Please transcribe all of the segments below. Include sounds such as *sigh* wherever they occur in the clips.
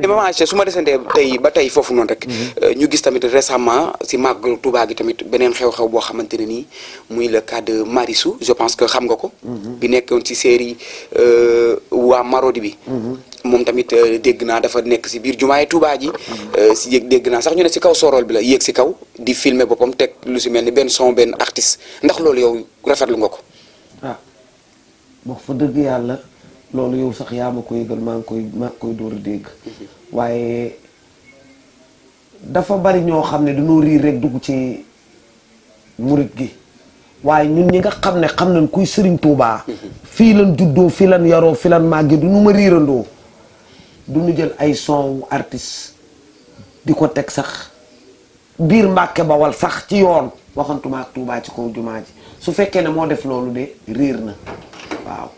mais maman Aïcha su ma desantee tey ba tey foofu noonu rek. Mhm. Euh, ñu gis tamit récemment si màggal tubaa gi tamit beneen xew-xew boo xamante ne nii muy le cas de Marichou je pense que xam nga ko. Mhm. bi nekkoon ci série euh, waa Marodi bi. Mhm. moom tamit euh, dégg naa dafa nekk si biir jumaay Touba ji. si dégg naa sax ñu ne si kaw sorol bi la yéeg si kaw di filmer boppam teg lu si mel ni benn son benn artist ndax loolu yow rafetlu nga ko. ah loolu yow sax yaa ma ko yëgal maa ngi koy maa koy door a dégg waaye dafa bari ñoo xam ne dañoo riir rek dugg ci murit gi waaye ñun ñi nga xam ne xam nañ kuy sëriñ Touba. fii lan juddoo fii lañ yaroo fii lan màggee du ñu ma riirandoo du ñu jël ay son artiste di ko teg sax biir Mbàkke Bawal sax ci yoon waxantuma ak Touba ci kaw jumaa ji su fekkee ne moo def loolu de riir na waaw.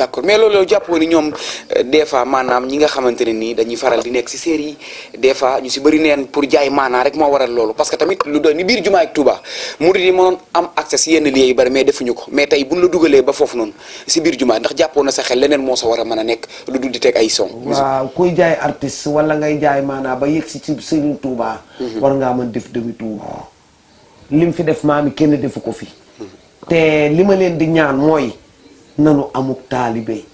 d'accord mais loolu jappo mana ni ñom euh, des fois manam ñi nga xamanteni ni dañuy faral di nekk ci série des fois ñu ci bari neen pour jaay rek mo waral loolu parce que tamit lu do ni bir jumaa ak Touba yi am accès si yenn lieux yu bëri mais defu ñuko mais tay buñ la duggalé ba fofu non si bir jumaa ndax jappo na sa xel leneen mo sa wara mëna nekk lu dul di ay son waaw kuy jaay artiste wala ngay jaay maanaa ba yex ci Serigne Touba mhm. war nga mëna def demi tour lim fi def mami kenn defu ko fi mhm. te lima leen di ñaan moy nanu amuk taalibe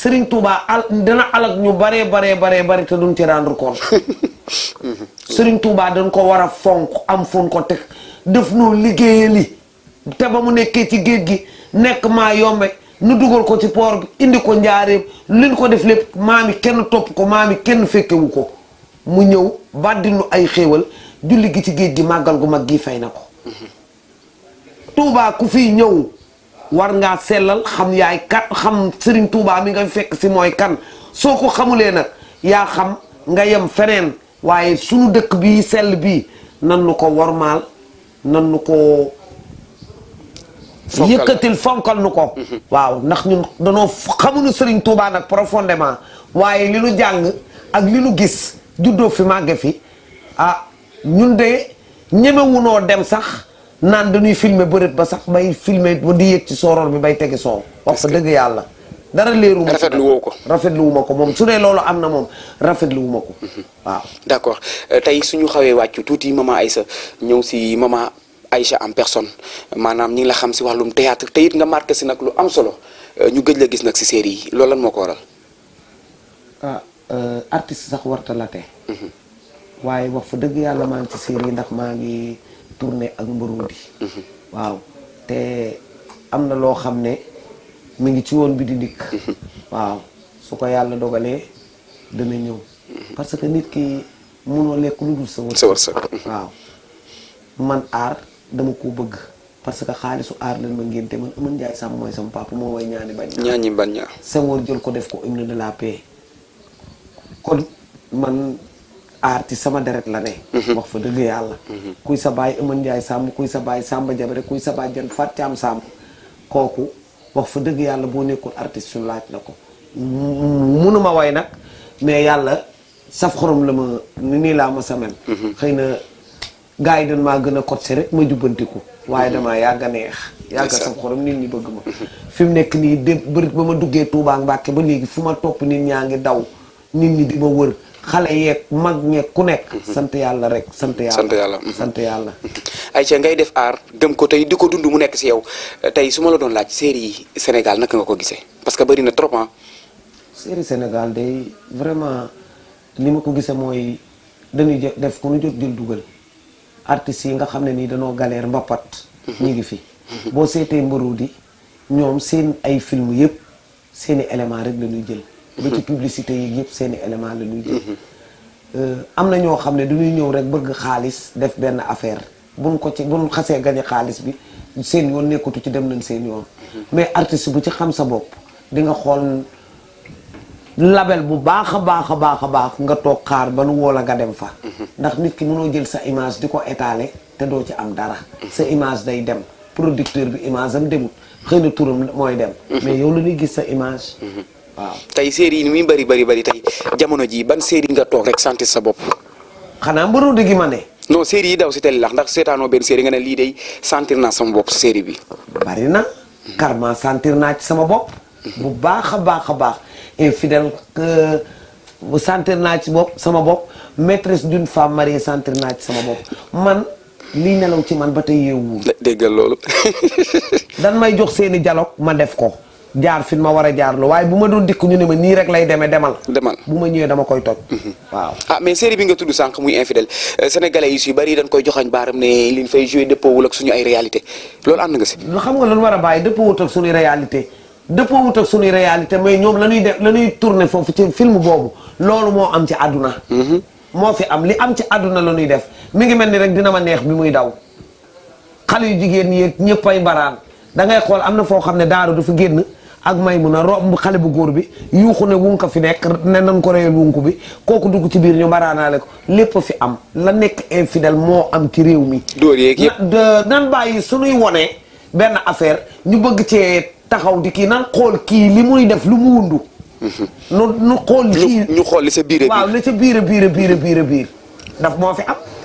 Sëriñ Tuubaa al dana alak ñu baree baree baree bare te duñ ci rendre compte *laughs* Sëriñ Tuubaa dañ ko war a fonk am fun ko teg def noo liggéeyali te ba mu nekkee ci géej gi nekk maa yombe nu dugal ko ci poor bi indi ko njaareem liñ ko def lépp maami kenn topp ko maami kenn fekkewu ko mu ñëw bàddinu ay xéewal julli gi ci géej gi màggal gu mag gi fay na ko mm-hmm. Tuubaa ku fi ñëw war nga selal xam yaay kat xam Serigne Touba mi nga fekk ci moy kan soko ko nak ya xam nga yam fenen waye sunu dekk bi sel bi nan nuko warmal nan nuko ko fonkal nuko ko mhm. waaw ndax ñun danoo xamuñu Serigne Touba nak profondément waye li lu jang ak li lu gis juddo fi magge fi ah ñun de ñemewunoo dem sax naan dañuy filmer bërët ba sax may filmer ba di yëg ci sooroor bi bay tegi soow wax fa dëgg yàlla dara leeru rafetlu woo ko rafetlu wu ma ko moom su dee loolu am na moom rafetlu wu ma ko mhm. waaw d' accord euh, tey suñu xawee wàccu tuuti maman Aïssa ñëw si maman Aïcha en personne maanaam ñi ngi la xam si wàllum théâtre te it nga marqué si nag lu am solo euh, ñu gëj la gis nag si série yi loolu lan moo ko waral ah euh, sax warta mhm. waaye wax fa dëgg yàlla maa ngi ci série yi ndax maa ngi tournée ak Mburundi mhm. waaw te am na loo xam ne mu ngi ci woon bi di dikk mhm. waaw su ko yàlla dogalee dana ñëw mhm. parce que nit ki mënoo lekk lu dul sa wërsëg waaw man aar dama koo bëgg parce que xaalisu aar lan ma ngénte man aman njaay sàmm mooy sama papa moo way ñaani bañ ñaani bañ jël ko def ko hymne de la paix kon man aar ci sama deret la ne mhm. wax fa dëgg yàlla mhm. kuy sa baay Eumane Ndiaye sàmm kuy sa baay Samba Jabare kuy sa baay Jën Fatou Thiam sàmm kooku wax fa dëgg yàlla boo nekkul artiste suñu laaj la ko m-m-m-, munuma way nag mais yàlla saf xorom la ma nii laa ma samel mhm. xëy na gars yi dañ maa gën a coté rek ma jubbantiku waaye damaa yàgg a neex yàgg saf xorom nit ñi bëgg ma fi mu nekk nii dé bëri ba ma duggee Touba Mbacke ba léegi fu ma topp nit ñaa ngi daw nit ñi di ma wër xale yeeg mag ñeeg ku nekk. Mhm. sant yàlla rek sant mhm. yàlla. sant yàlla mhm. ay yàlla. *laughs* ngay def aar dem ko tey di ko dund mu nekk si yow euh, tey su ma la doon laaj série yi Sénégal naka nga ko gisee parce que bëri na trop ah. série Sénégal day vraiment ni ma ko gisee mooy dañuy def ku nu jot jël dugal artistes yi nga xam ne nii danoo galère mbapat. ñu ngi fi. boo seetee mbaruudi ñoom seen ay film yëpp seeni élément rek la ñuy jël. ba ci publicité yi yëpp seen i élément la ñuy jël mhm. euh, am na ñoo xam ne dañuy ñëw rek bëgg xaalis def benn affaire bu buñ ko ci buñ xasee gañe xaalis bi seen yoon nekkatu ci dem nañ seen yoon mhm. mais artiste bu ci xam sa bopp di nga xool label bu baax a baax a baax a baax nga toog xaar ba nu woo la nga dem fa mhm. ndax nit ki mënoo jël sa image di ko étaler te doo ci am dara sa image day dem producteur bi image am demut xëy turam mooy dem mais yow la gis sa image tay tey série yi bari bari bari tay jamono ji ban série nga tok rek santé sa bop xana mburu de gi mané non série yi daw ci télé lax ndax sétano ben série nga né li day sentir na sama bop série bi. bari na. karma sentir na ci sama bop bu baakha baakha baax a bu sentir na ci bop sama bop maîtresse d'une femme mariée sentir na ci sama bop man li nelaw ci man batay yewu deggal *laughs* dan may jox seeni dialogue ma def ko. jaar fi ma war a jaarlu waaye bu ma doon dikk ñu ne ma nii rek lay demee demal. demal bu ma ñëwee dama koy toj. Mhm. waaw ah mais série bi nga tudd sànq muy infidèle euh, sénégalais yi si bari dañ koy joxañ baaram ne liñ fay joué dëppoo wul ak suñu ay réalité loolu nga si. xam nga lan war a bàyyi dëppoo wut ak suñuy réalité dëppoo wut ak suñuy réalité mais ñoom la ñuy def la ñuy tourné foofu ci film boobu loolu moo am ci adduna mhm. moo fi am li am ci àdduna la nuy def mi ngi mel ni rek dina ma neex bi muy daw xale yu jigéen ñi ñëpp ay mbaraan da ngay xool am na foo xam ne daaru dafa génn ak Maymuna romb xale bu góor bi yuuxu ne wunka fi nekk ne nan ko reyal wunku bi kooku dugg ci biir ñu mbaraanaale ko lépp fi am la nekk infidèle moo am ci réew mi. dóor yeeg yëpp nan bàyyi suñuy wone benn affaire ñu bëgg cee taxaw di kii nan xool kii li muy def lu mu wundu. Mhm. nu nu xool. ñu xool li sa biir biir sa biir biir biir biir biir daf moo fi am.